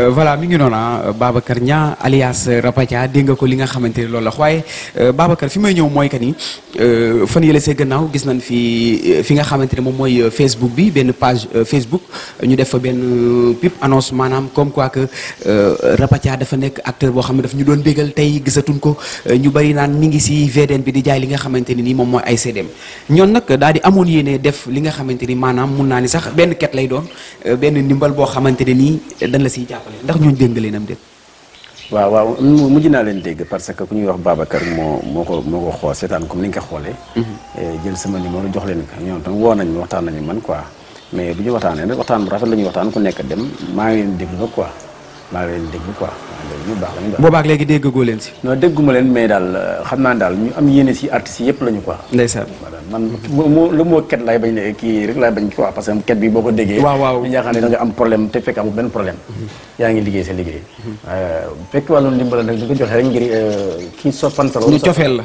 Euh, voilà mu ngi noonu ah Babacar Niang alias euh, Rapathia dégg nga ko li nga xamante ni loolu la waaye euh, Babacar fi may ñëw mooy que ni fan yële see gannaaw gis nañ fi fi nga xamante ne moom mooy Facebook bi benn page Facebook ñu def fa benn pub annonce maanaam comme quoi que Rapathia dafa nekk acteur boo xam ne daf ñu doon bégal tey gisatuñ ko ñu bari naan mi ngi si VDN bi di jaay li nga xamante ni nii moom mooy ay CDM ñoon nag daal di amoon yéene def li nga xamante ni maanaam mun naa ni sax benn ket lay doon benn ndimbal boo xamante ne nii dañ la siy jàpp ndax ñu dégg nga leen am dégg waaw waaw mujj naa leen dégg parce que ku ñuy wax Babacar moo moo ko moo ko xool seetaan comme ni nga ko xoolee mhm. eh, jël sama numéro jox leen ko ñoom tam woo nañ ma waxtaan nañu man quoi mais bu ñu waxtaanee rek waxtaan bu rafet la waxtaan ku nekk dem maa ngi leen déglu quoi maa ngi leen di déglu quoi maa ngi baax la ñu baax. boobaak léegi déggagoo leen si. non dégguma leen mais daal euh, xam naa daal ñu am yéene si artistes yëpp la ñu quoi. ndeysaan man mu lu moo ket laay bañ ne kii rek laay bañ quoi parce que ket bi boo ko déggee. waaw waaw ñu yaakaar ne da am problème te fekk amul benn problème. Mhm. yaa ngi liggéey sa liggéey. bu mhm. euh, fekkee wàllu ndimbal nag di ko joxe rek ngir euh, kii so fan. sa loolu ñu cofeel la.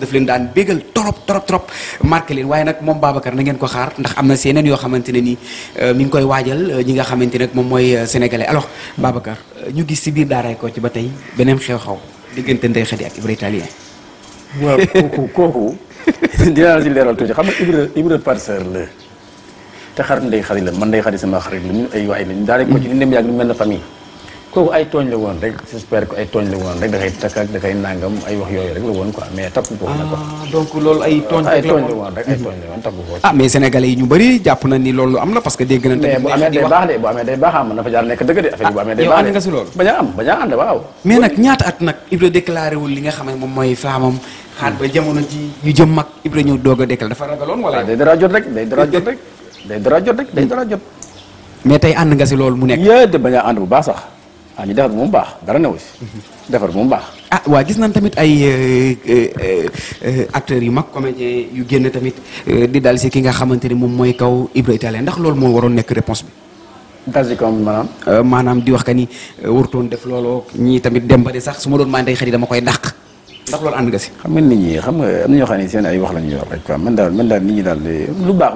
nag leen daan bégal trop trop trop marqué leen waaye nag moom Babacar na ngeen ko xaar ndax am na seeneen yoo xamante ne ni euh, mi koy waajal euh, ñi nga xamante ne moom mooy euh, sénégale alors Babacar ñu gis si biir daaray ko ci ba tey beneen xew-xew diggante Ndeye Khady ak Ibra Italien. waaw kooku kooku dinaa si leeral tuuti xam nga Ibra Ibra parceur la te xarit Ndeye Khady la man Ndeye Khady sama xarit la ñun ay waay lañ daaray yàgg ñu mel na famille kooku ay tooñ la woon rek j'espère que ay tooñ la woon rek dafay takk ak dafay nangam ay wax rek la quoi mais ko ah donc loolu ay tooñ ay la rek ay la ko. ah mais sénégalais ñu bëri jàpp na ni loolu am na parce que dégg nañ. tamit bu amee day baax de bu amee day baax ah na fa jaar nekk dëgg de affaire bu amee day baax de nga si loolu. bañ am bañ a waaw. mais nag ñaata at nag Ibra déclaré wul li nga xam ne moom mooy xaat ba jëm Ibra dafa wala. day dara jot rek day dara jot rek day dara jot rek day dara jot mais nga mu de bu baax sax ah ñu defar bu mu baax dara newu si. defar bu mu baax. ah waa gis nañ tamit ay euh, euh, euh, acteurs yu mag comédien yu génn tamit di dal si ki nga xamante ni moom mooy kaw Ibra Italien ndax loolu moo waroon nekk réponse bi. dal si kawam maanaam. di wax que ni warutoon def looloo ñii tamit dem ba de sax su ma doon maandee xarit dama koy dàq. ndax loolu ànd nga si. xam nga nit ñi xam nga am na ñoo xam ne seen ay wax la ñu yor rek quoi man daal man daal nit ñi daal lu baax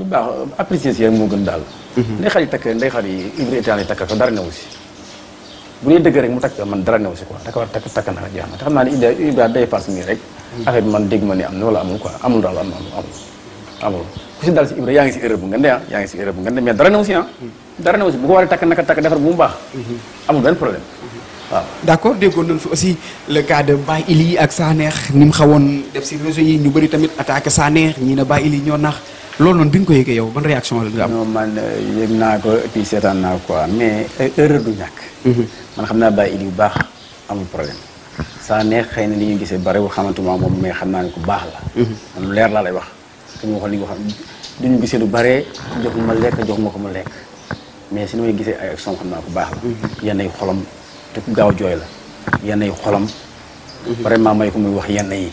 lu baax apprécier moo gën daal. Mhm. nday xar yi takk nday yi Ibra Italien takk ko dara si bu dee mu man dara si quoi da tak war na rek jeex na Ida Ida day pass nii rek affaire man dégg ma ni am wala amul quoi amul ku si dal si Ibra ya. hmm. hmm. hmm. ah. si erreur bu ngeen de ah yaa erreur bu ngeen mais dara new si dara si bu ko waree takk naka takk defar bu mu baax amul benn problème waaw d' aussi le cas de Baye Ili ak loolu noonu bi nga ko yëgee yow ban réaction la nga am. non man euh, yëg naa ko et puis seetaan naa quoi mais euh, erreur du ñàkk. Mhm. man xam naa bàyyi it yu baax amul problème saa neex xëy na li ñu gisee bariwul xamantuma moom mais xam naa ne ku baax la. Mhm. leer laa lay wax te mu waxoon li nga xam gisee lu baree joxu ma lekk joxu ma ko mu lekk mais si nu may gisee ay action xam naa ku baax la. Mhm. yenn ay xolom te ku gaaw jooy la yenn ay xolam. vraiment may ko muy wax yenn yi.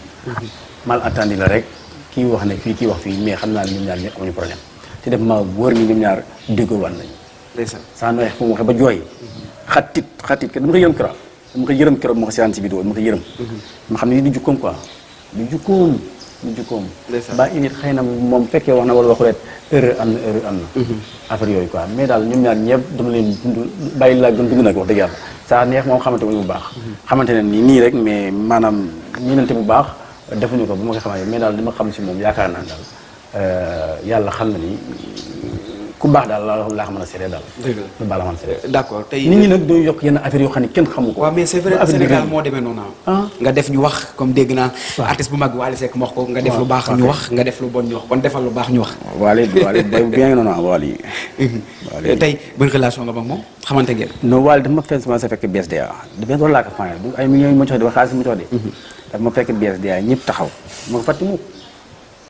mal entendu la rek. kii wax ne fii kii wax fii mais xam naa ne ñoom ñaar ñëpp amuñu problème te def ma wóor ni ñoom ñaar déggoo wan nañu. ndeysaan saa nooy fu mu waxee ba jooy. xatit xatit kat dama ko yërëm kera dama ko yërëm ko seetaan si vidéo dama ko yërëm. Mhm. ma xam ne du jukkoom fekkee wax na wala waxuleet erreur am na erreur am mhm. daal ñoom ñaar ñëpp dama leen dund bàyyi laa gën dund nag wax dëgg yàlla saa neex moom xamante ne bu baax. Mhm. xamante nii nii rek mais maanaam ñiinante bu baax defuñu ko bu ma ko xamante mais daal li ma xam si moom yaakaar naa daal euh, yàlla xam na ni ku baax daal laa xam ne séeréer lu baax la man séeréer. d' lu baax ñu ah, xamante ngeen. non ma fekk semence fekk BSDA benn rôle laa yi ma